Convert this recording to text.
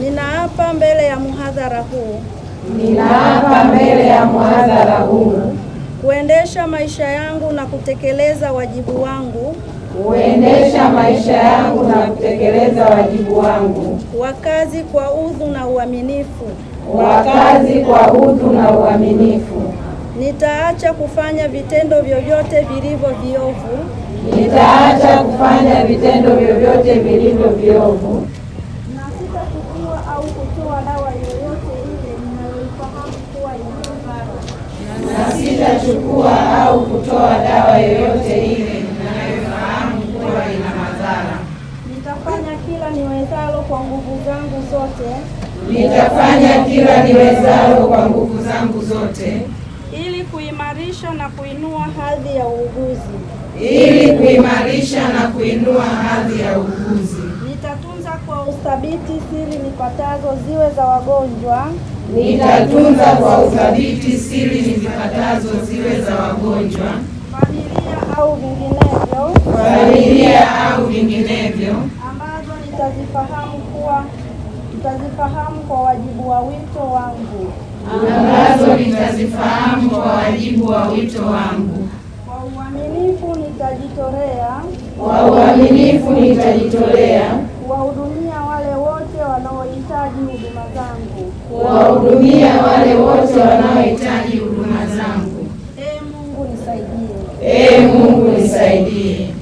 Ninaapa mbele ya muhadhara huu. Ninaapa mbele ya muhadhara huu kuendesha maisha yangu na kutekeleza wajibu wangu kuendesha maisha yangu na kutekeleza wajibu wangu wakazi kwa udhu na uaminifu wakazi kwa udhu na uaminifu. Nitaacha kufanya vitendo vyovyote vilivyo viovu nitaacha kufanya vitendo vyovyote vilivyo viovu dawa yoyote ile ninayoifahamu kuwa inanifaa, na sitachukua au kutoa dawa yoyote ile ninayoifahamu kuwa ina madhara. Nitafanya kila niwezalo kwa nguvu zangu zote, nitafanya kila niwezalo kwa nguvu zangu zote ili kuimarisha na kuinua hadhi ya uuguzi, ili kuimarisha na kuinua hadhi ya uuguzi uthabiti siri nipatazo ziwe za wagonjwa. Nitatunza kwa uthabiti siri nipatazo ziwe za wagonjwa, familia au vinginevyo, familia au vinginevyo, ambazo nitazifahamu kuwa nitazifahamu kwa wajibu wa wito wangu, ambazo nitazifahamu kwa wajibu wa wito wangu. Kwa uaminifu nitajitolea, kwa uaminifu nitajitolea kuwahudumia huduma zangu, kuwahudumia wale wote wanaohitaji huduma zangu. Ee Mungu nisaidie, ee Mungu nisaidie.